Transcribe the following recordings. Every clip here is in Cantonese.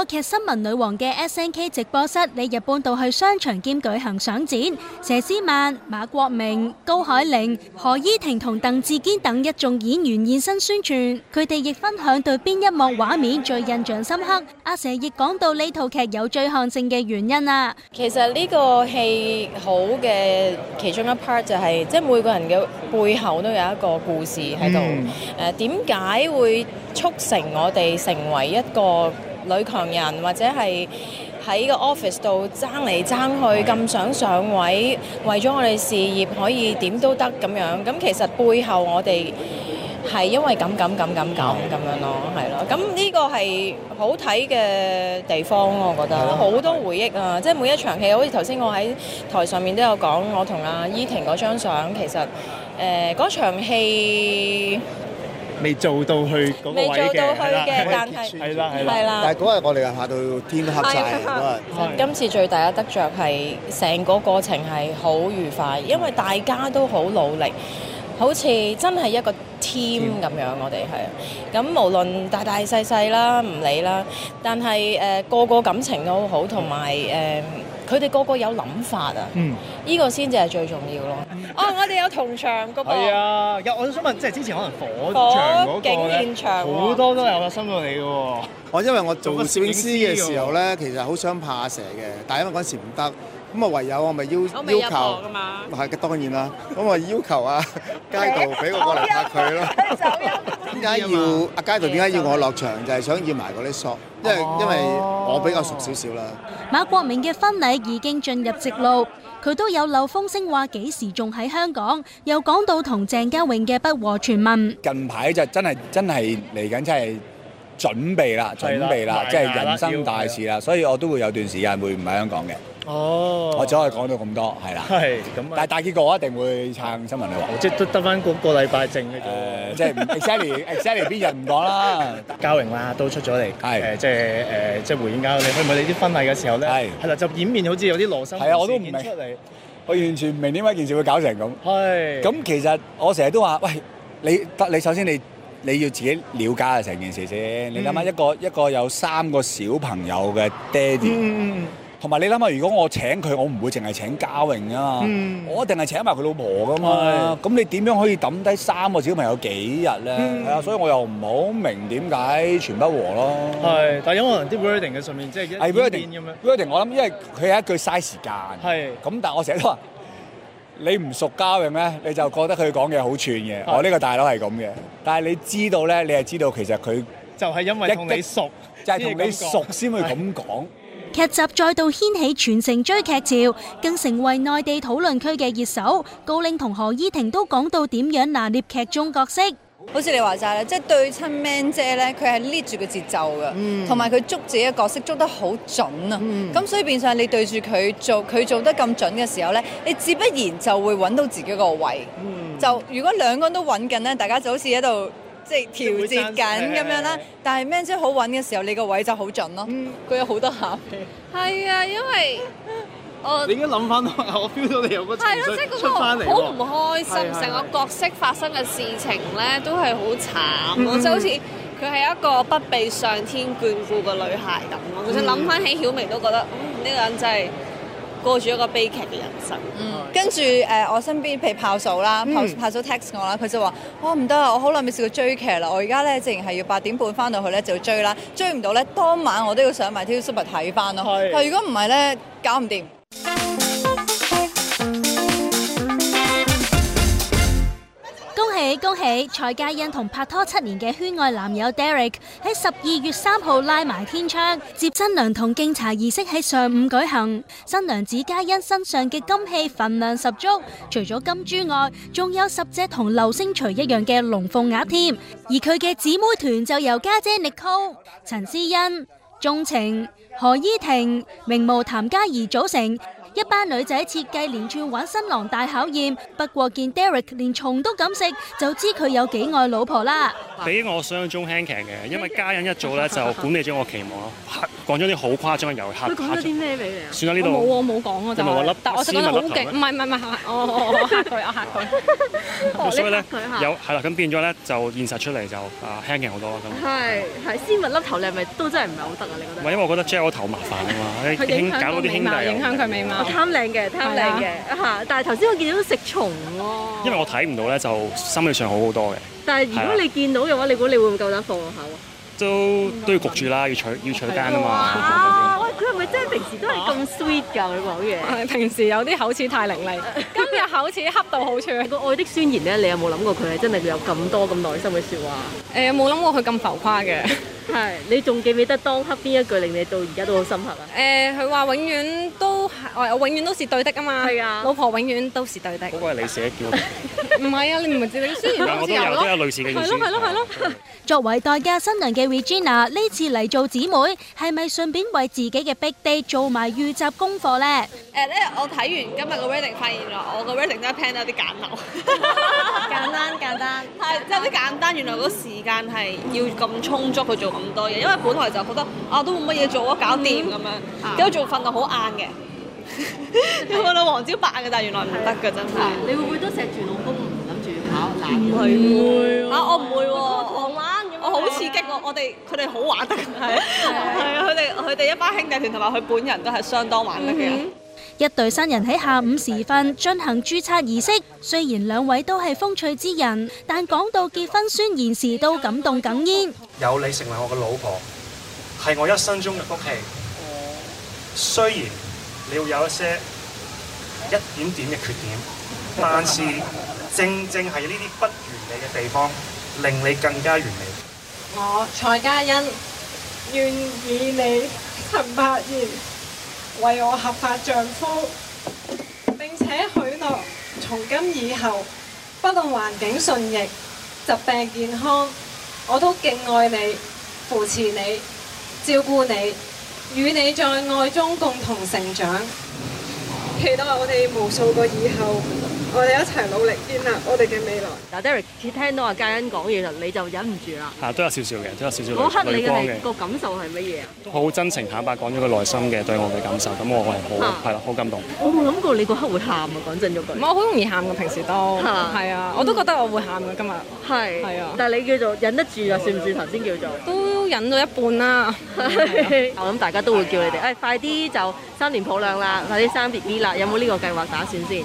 個劇《新聞女王》嘅 SNK 直播室，李日搬到去商場兼舉行賞展，佘詩曼、馬國明、高海寧、何依婷同鄧志堅等一眾演員現身宣傳，佢哋亦分享對邊一幕畫面最印象深刻。阿佘亦講到呢套劇有追看性嘅原因啊。其實呢個戲好嘅其中一 part 就係，即係每個人嘅背後都有一個故事喺度，誒，點解會促成我哋成為一個？女強人或者係喺個 office 度爭嚟爭去，咁想上位，為咗我哋事業可以點都得咁樣。咁其實背後我哋係因為咁咁咁咁咁咁樣咯，係咯。咁呢個係好睇嘅地方咯，我覺得。好多回憶啊！係嘅。即係每一場戲，好似頭先我喺台上面都有講，我同阿依婷嗰張相，其實誒嗰、呃、場戲。未做到去未做到去嘅，的但係係啦係啦，但係嗰日我哋又吓到天都黑曬。係今次最大嘅得着，係成個過程係好愉快，因為大家都好努力，好似真係一個。team 咁樣，我哋係咁，無論大大細細啦，唔理啦，但係誒、呃、個個感情都好，同埋誒佢哋個個有諗法啊，呢、嗯、個先至係最重要咯。哦、 啊，我哋有同場、那個不？啊，有，我想問，即係之前可能火,火場、那個、警現場好多都有我深入你嘅喎。我因為我做攝影師嘅時候咧，其實好想拍蛇嘅，但係因為嗰陣時唔得。咁啊，唯有我咪要要求，係當然啦。咁啊，要求啊，街道俾我過嚟拍佢咯。點解要阿街道？點解要我落場？就係想要埋嗰啲索，因為因為我比較熟少少啦。馬國明嘅婚禮已經進入直路，佢都有漏風聲話幾時仲喺香港，又講到同鄭嘉穎嘅不和傳聞。近排就真係真係嚟緊，真係準備啦，準備啦，即係人生大事啦。所以我都會有段時間會唔喺香港嘅。哦，我只可以講到咁多，係啦。係，咁啊。但係大結局我一定會撐新聞你話。即係得翻嗰個禮拜剩嘅。誒，即係，exactly，exactly，邊人唔講啦？嘉榮啦，都出咗嚟。係。誒，即係誒，即係回應緊。你，可唔可以你啲婚禮嘅時候咧？係。係啦，就演變好似有啲羅生門出現出嚟。我都唔明，我完全唔明點解件事會搞成咁。係。咁其實我成日都話，喂，你得你首先你你要自己瞭解下成件事先。嗯。你諗下一個一個有三個小朋友嘅爹哋。嗯嗯。同埋你諗下，如果我請佢，我唔會淨係請嘉榮噶嘛，我一定係請埋佢老婆噶嘛。咁你點樣可以抌低三個小朋友幾日咧？係啊，所以我又唔好明點解全不和咯。係，但因為可能啲 wording 嘅上面即係一啲咁樣 wording，我諗因為佢係一句嘥時間。係。咁但我成日都話，你唔熟嘉榮咧，你就覺得佢講嘢好串嘅。我呢個大佬係咁嘅。但係你知道咧，你係知道其實佢就係因為你熟，就係同你熟先會咁講。劇集再度掀起，全城追劇潮更成為內地討論區嘅熱搜。高嶺同何依婷都講到點樣拿捏劇中角色。好似你話齋咧，即、就、係、是、對親 man 姐咧，佢係捏住個節奏噶，同埋佢捉自己角色捉得好準啊。咁、嗯、所以變相你對住佢做，佢做得咁準嘅時候咧，你自不然就會揾到自己個位。嗯、就如果兩個人都揾緊呢，大家就好似喺度，即係調節緊咁樣啦，但係咩？即係好穩嘅時候，你個位就好準咯。佢、嗯、有好多陷阱。係 啊，因為我你而家諗翻我 feel 到你有嗰出出翻嚟，好唔、就是、開心。成個角色發生嘅事情咧，都係好慘，即係、嗯、好似佢係一個不被上天眷顧嘅女孩咁咯。其實諗翻起曉薇都覺得，呢、嗯這個、人真、就、隻、是。過住一個悲劇嘅人生，嗯、是跟住誒、呃，我身邊譬如炮嫂啦，炮、嗯、炮嫂 text 我啦，佢就話：哇，唔得啊！我好耐未試過追劇啦，我而家咧，淨係要八點半翻到去咧就要追啦，追唔到咧，當晚我都要上埋 myTV Super 睇翻咯。係是，如果唔係咧，搞唔掂。恭喜蔡嘉欣同拍拖七年嘅圈外男友 Derek 喺十二月三號拉埋天窗，接新娘同敬茶儀式喺上午舉行。新娘子嘉欣身上嘅金器份量十足，除咗金珠外，仲有十隻同流星錘一樣嘅龍鳳鐲添。而佢嘅姊妹團就由家姐，姐 Nicole、陳思欣、鍾情、何依婷、名模譚嘉怡組成。一班女仔設計連串玩新郎大考驗，不過見 Derek，連蟲都敢食，就知佢有幾愛老婆啦。比我想像中輕嘅，因為家人一做就管理咗我期望，講咗啲好誇張嘅遊客。講咗啲咩俾你？算啦，呢度冇，我冇講，我覺得。我得好勁，唔係，唔係，我嚇佢。我嚇佢，所以呢，貪靚嘅，貪靚嘅嚇，但係頭先我見到食蟲喎。因為我睇唔到咧，就心理上好好多嘅。但係如果你見到嘅話，你估你會唔夠膽放口？都都要焗住啦，要取要取單啊嘛。啊！喂，佢係咪真係平時都係咁 sweet 㗎？佢講嘢，平時有啲口齒太伶俐，今日口齒恰到好處。個愛的宣言咧，你有冇諗過佢係真係有咁多咁耐心嘅説話？誒，有冇諗過佢咁浮誇嘅？係，你仲記唔記得當刻邊一句令你到而家都好深刻啊？誒，佢話永遠都，我永遠都是對的啊嘛。係啊，老婆永遠都是對的。嗰個係你寫嘅，唔係啊？你唔係哲理師，係啊？我都有都有類似嘅意思。係咯係咯係咯。作為代嫁新娘嘅 Regina，呢次嚟做姊妹，係咪順便為自己嘅 Big Day 做埋預習功課咧？誒咧，我睇完今日嘅 Wedding，發現我個 Wedding 真係 plan 得有啲簡陋，簡單簡單，即係有啲簡單。原來個時間係要咁充足去做。咁多嘢，因為本來就覺得啊都冇乜嘢做啊，搞掂咁樣，結果做瞓到好晏嘅，你覺得黃椒白嘅，但係原來唔得嘅真係。你會唔會都錫住老公，諗住跑男唔去啊？我唔會喎，狂玩，我好刺激喎！我哋佢哋好玩得，係啊！佢哋佢哋一班兄弟團同埋佢本人都係相當玩得嘅。一對新人喺下午時分進行註冊儀式。雖然兩位都係風趣之人，但講到結婚宣言時都感動哽咽。有你成為我嘅老婆，係我一生中嘅福氣。雖然你要有一些一點點嘅缺點，但是正正係呢啲不完美嘅地方，令你更加完美。我蔡嘉欣，願與你陳柏源。為我合法丈夫，並且許諾從今以後，不論環境順逆、疾病健康，我都敬愛你、扶持你、照顧你，與你在愛中共同成長。期待我哋無數個以後。我哋一齊努力先啦！我哋嘅未來嗱，Derek，你聽到阿嘉欣講嘢，其實你就忍唔住啦。啊，都有少少嘅，都有少少淚你嘅。個感受係乜嘢啊？好真情坦白講咗個內心嘅對我嘅感受，咁我係好係啦，好感動。我冇諗過你嗰刻會喊啊！講真咗句。我好容易喊嘅，平時都。係啊，我都覺得我會喊嘅今日。係係啊，但係你叫做忍得住，啊，算唔算頭先叫做？都忍到一半啦。我諗大家都會叫你哋誒，快啲就三年抱兩啦，快啲生 BB 啦！有冇呢個計劃打算先？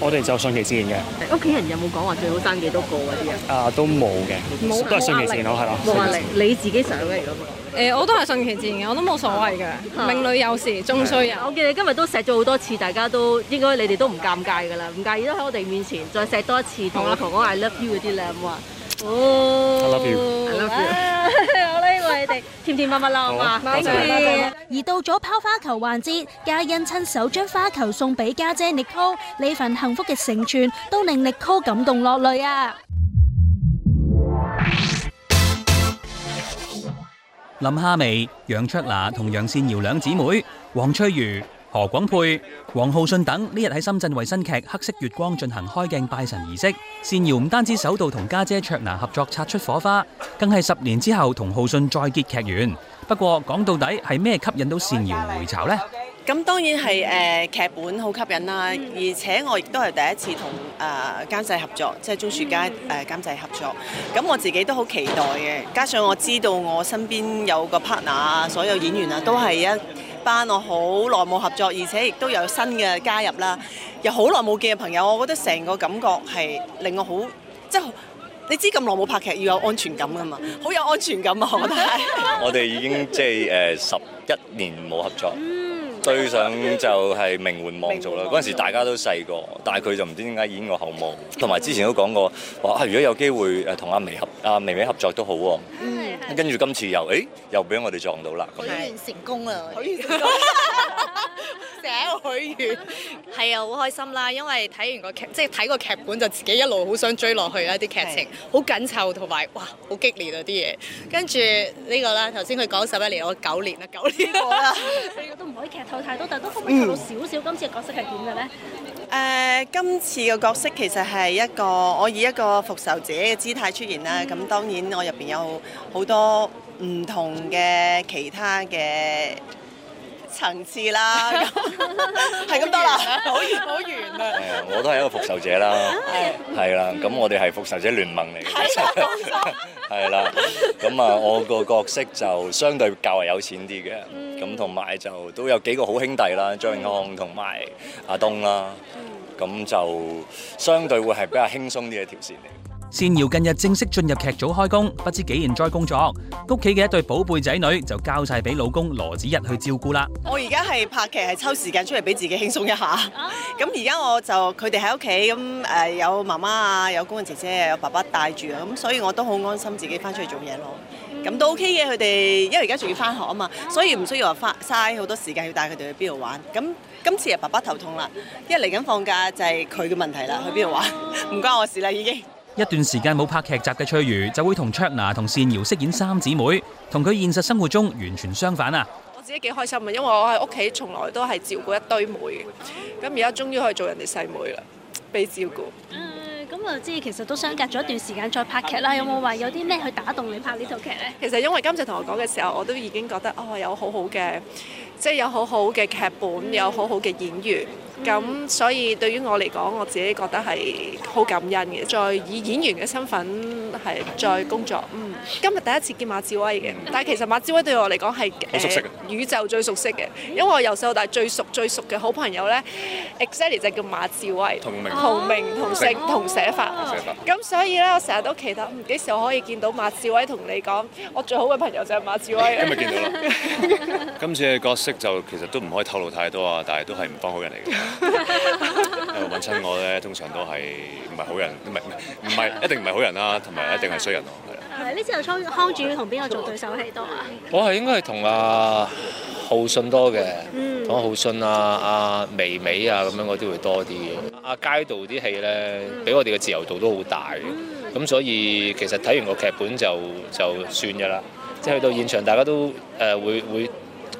我哋就順其自然嘅。屋企人有冇講話最好生幾多個嗰啲啊？人啊，都冇嘅，冇都係順其自然咯，係咯。冇壓力，壓力你自己想嚟咯。誒、那個欸，我都係順其自然嘅，我都冇所謂嘅。啊、命裏有時，終須有。我見你今日都錫咗好多次，大家都應該你哋都唔尷尬噶啦，唔介意都喺我哋面前再錫多一次。同阿婆講 I love you 嗰啲靚話哦，I love you，I love you。I love you。甜甜蜜蜜啦，哇！多謝，而到咗拋花球環節，嘉欣親手將花球送俾家姐 Nicole，呢份幸福嘅成全都令 Nicole 感動落淚啊！林夏薇、楊卓娜同楊善瑤兩姊妹，黃翠如。何廣沛、王浩信等呢日喺深圳為新劇《黑色月光》進行開鏡拜神儀式。善瑤唔單止首度同家姐，姐卓拿合作擦出火花，更係十年之後同浩信再結劇緣。不過講到底係咩吸引到善瑤回巢呢？咁、嗯、當然係誒劇本好吸引啦，而且我亦都係第一次同誒監製合作，即係鍾澍佳誒監製合作。咁我自己都好期待嘅，加上我知道我身邊有個 partner 啊，所有演員啊都係一。班我好耐冇合作，而且亦都有新嘅加入啦，又好耐冇見嘅朋友，我覺得成個感覺係令我好即係你知咁耐冇拍劇要有安全感㗎嘛，好有安全感啊！ 我覺得係，我哋已經即係誒十一年冇合作，最、嗯、想就係名媛望族啦。嗰陣時大家都細個，但係佢就唔知點解演個後母，同埋之前都講過話啊，如果有機會誒同阿微合阿微微合作都好、啊嗯跟住今次又，誒、欸、又俾我哋撞到啦。演員的的成功啦！ 成日喺度許願，係啊，好開心啦！因為睇完個劇，即係睇個劇本就自己一路好想追落去啦，啲劇情好是的 緊湊，同埋哇，好激烈啊啲嘢。跟住呢、呢個啦，頭先佢講十一年，我九年啦，九年過啦。都唔可以劇透太多，但都可，可以透露少少今、呃。今次嘅角色係點嘅咧？誒，今次嘅角色其實係一個我以一個復仇者嘅姿態出現啦。咁、嗯嗯嗯、當然我入邊有好多唔同嘅其他嘅。層次啦，咁係咁多啦，好完。 好完啊！我都係一個復仇者啦，係 是 啦，咁我哋係復仇者聯盟嚟嘅，係 啦，咁啊，我個角色就相對較為有錢啲嘅，咁同埋就都有幾個好兄弟啦，張永康同埋阿東啦，咁、嗯、就相對會係比較輕鬆啲嘅一條線嚟。善瑤近日正式進入劇組開工，不知幾賢再工作，屋企嘅一對寶貝仔女就交晒俾老公羅子溢去照顧啦。我而家係拍劇，係抽時間出嚟俾自己輕鬆一下。咁而家我就佢哋喺屋企，咁誒有媽媽啊，有工人姐姐，啊、有爸爸帶住啊，咁所以我都好安心自己翻出去做嘢咯。咁都 OK 嘅，佢哋因為而家仲要翻學啊嘛，所以唔需要話花嘥好多時間去帶佢哋去邊度玩。咁今次係爸爸頭痛啦，因為嚟緊放假就係佢嘅問題啦，去邊度玩唔 關我事啦，已經。一段時間冇拍劇集嘅翠如就會同卓娜同善瑤飾演三姊妹，同佢現實生活中完全相反啊！我自己幾開心啊，因為我喺屋企從來都係照顧一堆妹嘅，咁而家終於可以做人哋細妹啦，被照顧。嗯，咁我知，其實都相隔咗一段時間再拍劇啦。有冇話有啲咩去打動你拍呢套劇呢？其實因為今次同我講嘅時候，我都已經覺得哦，有好好嘅。即係有好好嘅劇本，有好好嘅演員，咁所以對於我嚟講，我自己覺得係好感恩嘅。再以演員嘅身份係再工作，嗯，今日第一次見馬志威嘅。但係其實馬志威對我嚟講係呃，宇宙最熟悉嘅，因為我由細到大最熟最熟嘅好朋友咧，Xavier 就叫馬志威，同名、同名、同姓、同寫法，咁所以咧我成日都期待幾時我可以見到馬志威同你講，我最好嘅朋友就係馬志威。今日見到啦，今次係個。識就其實都唔可以透露太多啊，但係都係唔幫好人嚟嘅。揾 親我咧，通常都係唔係好人，唔係一定唔係好人啦，啊，同埋一定係衰人咯。係啊。誒，呢隻就康主要同邊個做對手戲多啊？我係應該係同阿浩信多嘅。嗯。同浩信啊，阿微微啊咁樣嗰啲會多啲嘅。阿，啊，街道啲戲咧，俾我哋嘅自由度都好大嘅。咁，嗯，所以其實睇完個劇本就就算嘅啦。即係去到現場，大家都誒會，呃，會。會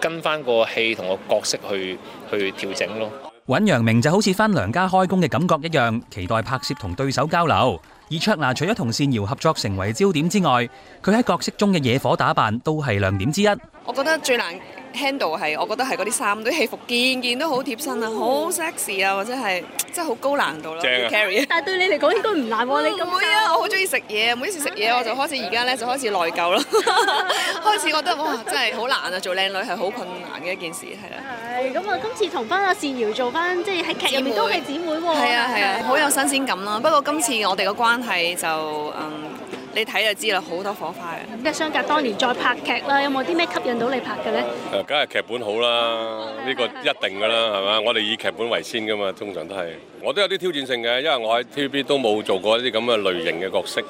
跟翻個戲同個角色去去調整咯。尹揚明就好似翻娘家開工嘅感覺一樣，期待拍攝同對手交流。而卓娜除咗同善瑤合作成為焦點之外，佢喺角色中嘅野火打扮都係亮點之一。我覺得最難。Handle 係，我覺得係嗰啲衫啲戲服，件件都好貼身啊，好、嗯、sexy 啊，或者係，真係好高難度咯、啊、carry。啊、 但係對你嚟講應該唔難喎、啊，你咁會啊？我好中意食嘢，每一次食嘢我就開始而家咧就開始內疚咯， 開始覺得哇真係好難啊！做靚女係好困難嘅一件事係啊，係、啊，咁啊、嗯、今次同翻阿視瑤做翻，即係喺劇入面都係、啊、姊妹喎。係啊係啊，好、嗯啊啊、有新鮮感啦、啊。不過今次我哋嘅關係就嗯。你睇就知啦，好多火花嘅。咁即係相隔多年再拍劇啦，有冇啲咩吸引到你拍嘅咧？誒，梗係劇本好啦，呢個一定噶啦，係嘛？我哋以劇本為先噶嘛，通常都係。我都有啲挑戰性嘅，因為我喺 TVB 都冇做過一啲咁嘅類型嘅角色。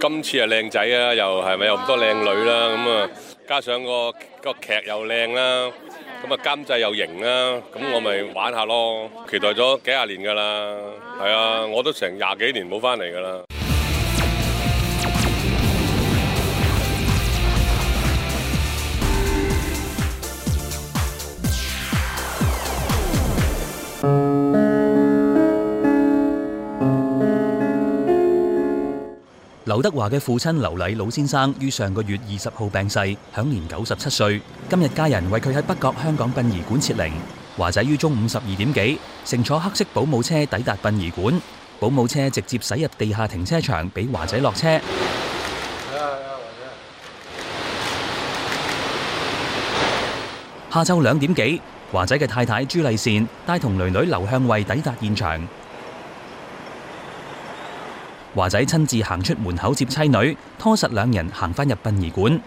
今次又靚仔啊，又係咪又咁多靚女啦？咁啊，加上個個劇又靚啦，咁啊監製又型啦，咁我咪玩下咯。期待咗幾廿年噶啦，係啊，我都成廿幾年冇翻嚟噶啦。劉德華嘅父親劉禮老先生於上個月二十號病逝，享年九十七歲。今日家人為佢喺北角香港殯儀館設靈。華仔於中午十二點幾，乘坐黑色保姆車抵達殯儀館，保姆車直接駛入地下停車場，俾華仔落車。下晝兩點幾，華仔嘅太太朱麗倩帶同囡囡劉向蕙抵達現場。華仔親自行出門口接妻女，拖實兩人行返入殯儀館。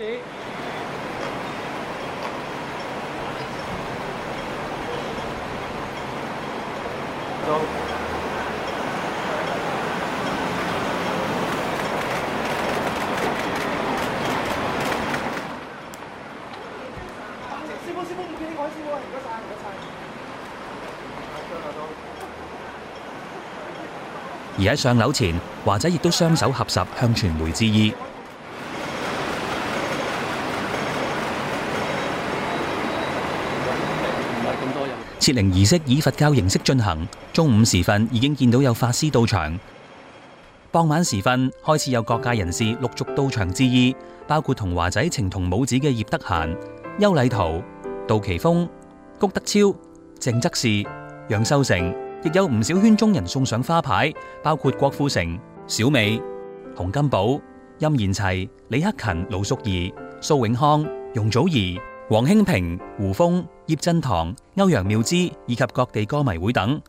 而喺上樓前，華仔亦都雙手合十，向傳媒致意。設靈儀式以佛教形式進行，中午時分已經見到有法師到場。傍晚時分開始有各界人士陸續到場致意，包括同華仔情同母子嘅葉德嫻、邱禮濤、杜琪峰、谷德超、鄭則仕、楊修成。亦有唔少圈中人送上花牌，包括郭富城、小美、洪金寶、任賢齊、李克勤、盧淑儀、蘇永康、容祖兒、黃興平、胡楓、葉振棠、歐陽妙芝以及各地歌迷會等。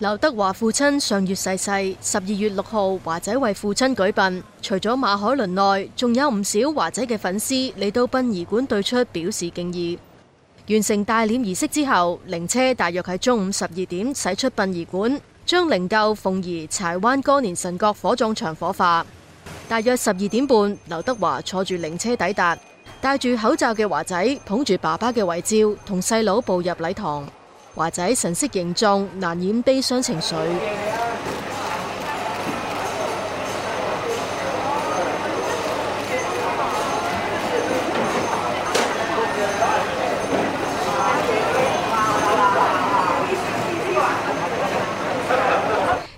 劉德華父親上月逝世，世，十二月六號，華仔為父親舉殯。除咗馬海倫外，仲有唔少華仔嘅粉絲嚟到殯儀館對出表示敬意。完成大殮儀式之後，靈車大約喺中午十二點駛出殯儀館，將靈柩奉移柴灣歌連臣角火葬場火化。大約十二點半，劉德華坐住靈車抵達，戴住口罩嘅華仔捧住爸爸嘅遺照，同細佬步入禮堂。華仔神色凝重，難掩悲傷情緒。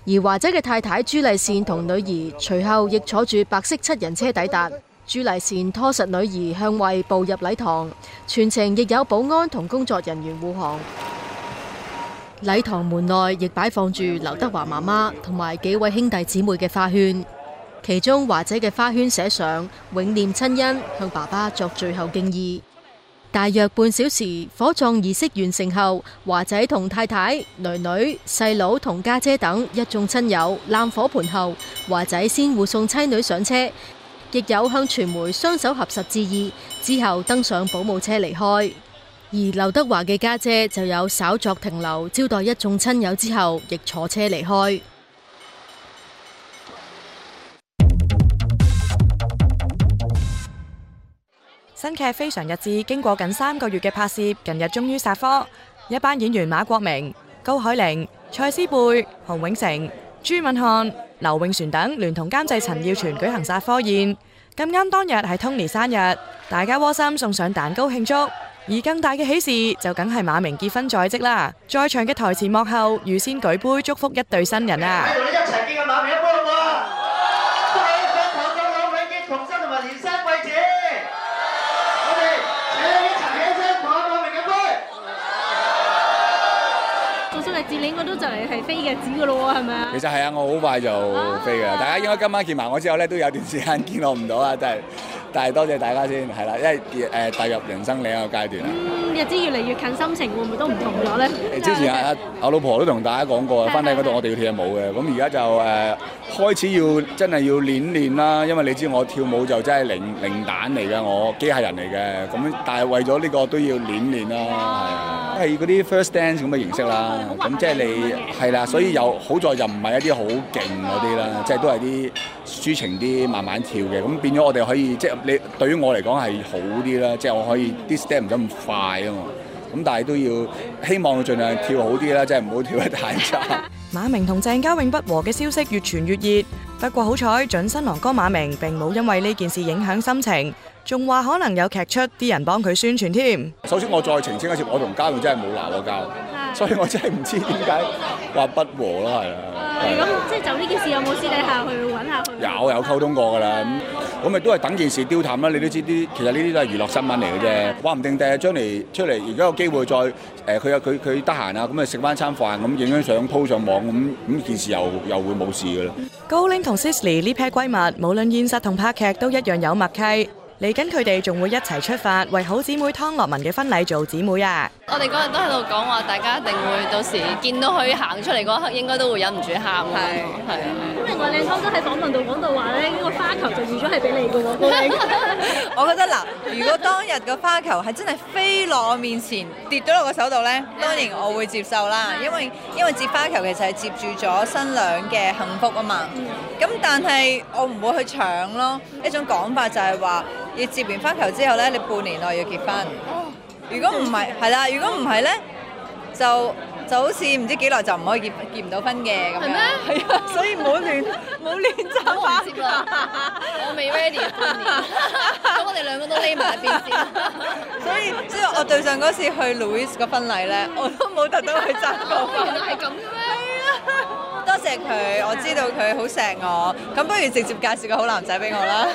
而華仔嘅太太朱麗倩同女兒隨後亦坐住白色七人車抵達。 朱麗倩拖實女兒向蕙步入禮堂，全程亦有保安同工作人員護航。禮堂門內亦擺放住劉德華媽媽同埋幾位兄弟姊妹嘅花圈，其中華仔嘅花圈寫上“永念親恩”，向爸爸作最後敬意。大約半小時火葬儀式完成後，華仔同太太、女女、細佬同家姐等一眾親友攬火盆後，華仔先護送妻女上車，亦有向傳媒雙手合十致意，之後登上保姆車離開。而劉德華嘅家姐就有稍作停留，招待一眾親友之後，亦坐車離開。新劇非常日志經過近三個月嘅拍攝，近日終於殺科。一班演員馬國明、高海寧、蔡思貝、洪永城、朱敏瀚、劉永璇等，聯同監製陳耀全舉行殺科宴。咁啱當日係 Tony 生日，大家窩心送上蛋糕慶祝。而更大嘅喜事就梗係馬明結婚在即啦，在場嘅台前幕後預先舉杯祝福一對新人啊。但係多謝大家先，係啦，因為誒踏入人生另一個階段。嗯，日子越嚟越近，心情會唔會都唔同咗咧？之前啊，我老婆都同大家講過，返到嗰度我哋要跳舞嘅。咁而家就誒開始要真係要練練啦，因為你知我跳舞就真係零零蛋嚟嘅，我機械人嚟嘅。咁但係為咗呢個都要練練啦，係。啊！係嗰啲 first dance 咁嘅形式啦。咁即係你係啦，所以有好在就唔係一啲好勁嗰啲啦，即係都係啲。抒情啲，慢慢跳嘅，咁變咗我哋可以，即係你對於我嚟講係好啲啦，即係我可以啲 step 唔使咁快啊嘛，咁但係都要希望盡量跳好啲啦，即係唔好跳得太差。馬明同鄭嘉穎不和嘅消息越傳越熱，不過好彩準新郎哥馬明並冇因為呢件事影響心情，仲話可能有劇出啲人幫佢宣傳添。首先我再澄清一次，我同嘉穎真係冇鬧過交。所以我真係唔知點解話不和咯，係啦。咁即係就呢件事有冇私底下去揾下？有有溝通過㗎啦。咁咁咪都係等件事丟淡啦。你都知啲，其實呢啲都係娛樂新聞嚟嘅啫。話唔定第日將嚟出嚟，如果有機會再誒，佢有佢佢得閒啊，咁咪食翻餐飯，咁影張相 po 上網，咁咁件事又又會冇事㗎啦。高凌同 Sisley 呢 pair 閨蜜，無論現實同拍劇都一樣有默契。嚟緊，佢哋仲會一齊出發，為好姊妹湯樂文嘅婚禮做姊妹啊！我哋嗰日都喺度講話，大家一定會到時見到佢行出嚟嗰刻，應該都會忍唔住喊。係係係。咁另外，靚湯哥都喺訪問度講到話咧，呢個花球就預咗係俾你嘅。 我覺得，嗱，如果當日個花球係真係飛落我面前，跌咗落個手度咧，當然我會接受啦，因為因為接花球其實係接住咗新娘嘅幸福啊嘛。 咁但係我唔會去搶咯，一種講法就係話，要接完翻球之後咧，你半年內要結婚。如果唔係，係啦，如果唔係咧，就就好似唔知幾耐就唔可以結結唔到婚嘅咁樣。係啊嗎， 所以冇亂冇亂揸嘛。我未 ready 半年，咁我哋 兩個都匿埋一邊先 所。所以即係我對上嗰次去 Louis 個婚禮咧， 我都冇特登去揸個婚。 原來係咁嘅咩？ 多謝佢，我知道佢好錫我，咁不如直接介紹個好男仔俾我啦。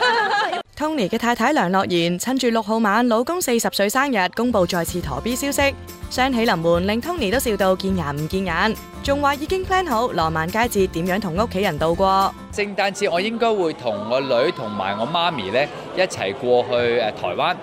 Tony 嘅太太梁諾妍趁住六號晚老公四十歲生日，公布再次陀 B 消息，雙喜臨門，令 Tony 都笑到見牙唔見眼，仲話已經 plan 好浪漫佳節點樣同屋企人度過。聖誕節我應該會同我女同埋我媽咪，咧一齊過去誒台灣，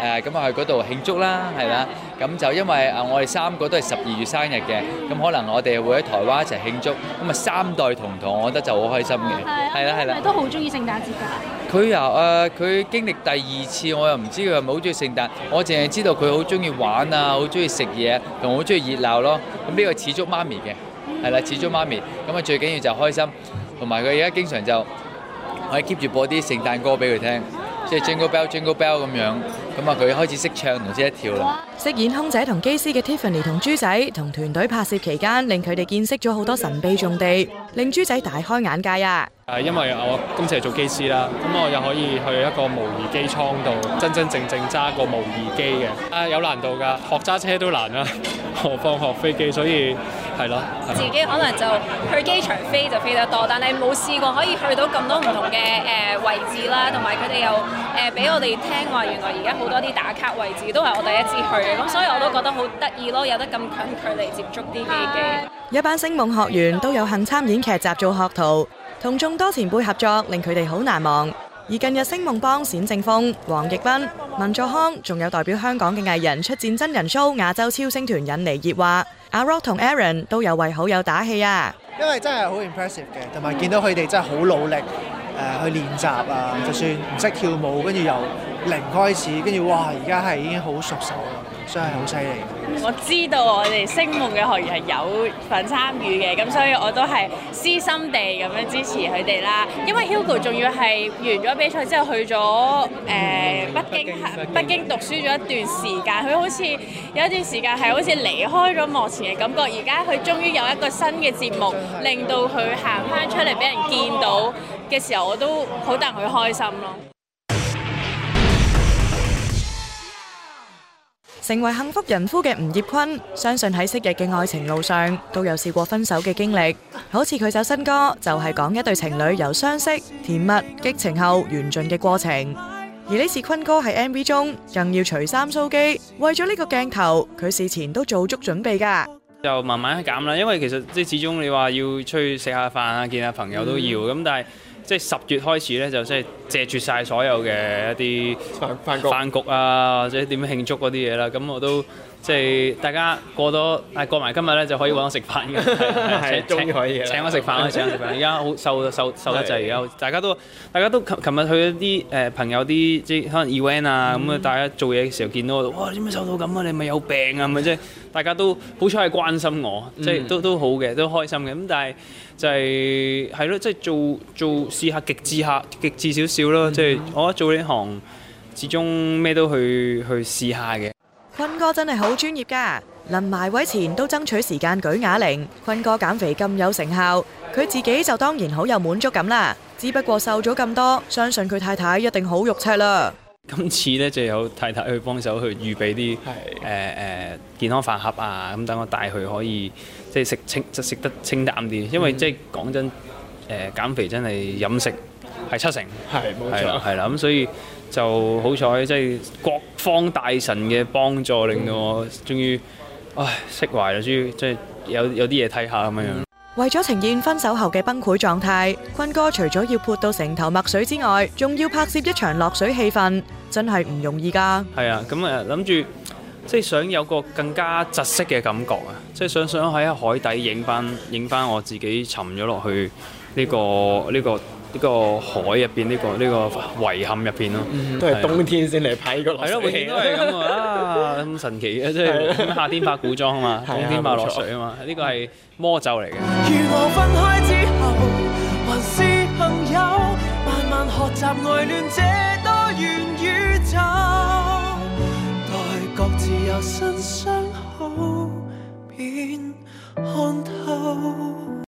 誒咁啊，去嗰度慶祝啦，係啦。咁就因為啊，我哋三個都係十二月生日嘅，咁可能我哋會喺台灣一齊慶祝，咁啊三代同堂，我覺得就好開心嘅。係啦，係啦。都好中意聖誕節㗎。佢由啊，佢、呃、經歷第二次，我又唔知佢係唔係好中意聖誕。我淨係知道佢好中意玩啊，好中意食嘢，同好中意熱鬧咯。咁呢個始終媽咪嘅，係啦，始終媽咪。咁啊，最緊要就開心，同埋佢而家經常就可以 keep 住播啲聖誕歌俾佢聽，即係、啊、Jingle Bell Jingle Bell 咁樣。咁啊！佢開始識唱同識跳啦。飾演空姐同機師嘅 Tiffany 同豬仔同團隊拍攝期間，令佢哋見識咗好多神秘重地，令豬仔大開眼界啊！係因為我今次係做機師啦，咁我又可以去一個模擬機艙度真真正正揸個模擬機嘅。啊有難度噶學揸車都難啦，何況學飛機，所以係咯。自己可能就去機場飛就飛得多，但係冇試過可以去到咁多唔同嘅誒位置啦，同埋佢哋又誒俾我哋聽話，原來而家好多啲打卡位置都係我第一次去嘅，咁所以我都覺得好得意咯，有得咁近距離接觸啲飛機。有一班星夢學員都有幸參演劇集做學徒。同眾多前輩合作，令佢哋好難忘。而近日星夢幫冼靖峰、王奕斌、文卓康，仲有代表香港嘅藝人出戰真人 show，亞洲超星團引嚟熱話。阿 Rock 同 Aaron 都有為好友打氣啊！因為真係好 impressive 嘅，同埋見到佢哋真係好努力、呃、去練習啊，就算唔識跳舞，跟住由零開始，跟住哇而家係已經好熟手啦。真係好犀利！我知道我哋星夢嘅學員係有份參與嘅，咁所以我都係私心地咁樣支持佢哋啦。因為 Hugo 仲要係完咗比賽之後去咗誒、呃、北京，北京讀書咗一段時間。佢好似有一段時間係好似離開咗幕前嘅感覺，而家佢終於有一個新嘅節目，令到佢行翻出嚟俾人見到嘅時候，我都好戥佢開心咯。成為幸福人夫嘅吳業坤，相信喺昔日嘅愛情路上都有試過分手嘅經歷，好似佢首新歌就係講一對情侶由相識、甜蜜、激情後緣盡嘅過程。而呢次坤哥喺 MV 中更要除衫騷肌，為咗呢個鏡頭，佢事前都做足準備㗎。就慢慢減啦，因為其實即係始終你話要出去食下飯啊，見下朋友都要咁，但係。即係十月開始咧，就即係謝絕晒所有嘅一啲飯局啊，或者點樣慶祝嗰啲嘢啦。咁我都。即係大家過咗，誒過埋今日咧就可以搵我食飯嘅， 請，請可以請我食飯啦，吧請我食飯。而家好瘦，瘦瘦得滯，而家大家都大家都琴琴日去一啲誒、呃、朋友啲即可能 event 啊，咁啊大家做嘢嘅時候見到，我，哇！點解瘦到咁啊？你係咪有病啊？咪啫！即係大家都好彩係關心我，即係都都好嘅，都開心嘅。咁但係就係係咯，即係、就是、做做試下極致下極致少少咯。即係、嗯、我覺得做呢行，始終咩都去去試下嘅。坤哥真係好專業噶，臨埋位前都爭取時間舉啞鈴。坤哥減肥咁有成效，佢自己就當然好有滿足感啦。只不過瘦咗咁多，相信佢太太一定好肉赤啦。今次呢就有太太去幫手去預備啲誒誒健康飯盒啊，咁等我帶佢可以即係食清即係食得清淡啲。因為即係講真，誒減肥真係飲食係七成，係冇錯，係啦咁所以。就好彩，即係各方大神嘅幫助，令到我終於唉釋懷啦！終於即係有有啲嘢睇下咁樣。嗯、為咗呈現分手後嘅崩潰狀態，坤哥除咗要潑到成頭墨水之外，仲要拍攝一場落水戲份，真係唔容易㗎。係啊，咁啊諗住即係想有個更加窒息嘅感覺啊！即係想想喺海底影翻影翻我自己沉咗落去呢個呢個。呢個呢個海入邊，呢、這個呢、這個遺憾入邊咯，嗯啊、都係冬天先嚟拍呢個。係咯，永遠都係咁啊！咁、 啊、神奇嘅，即係夏天拍古裝啊嘛，冬天拍落水啊嘛，呢個係魔咒嚟嘅。如何分開之後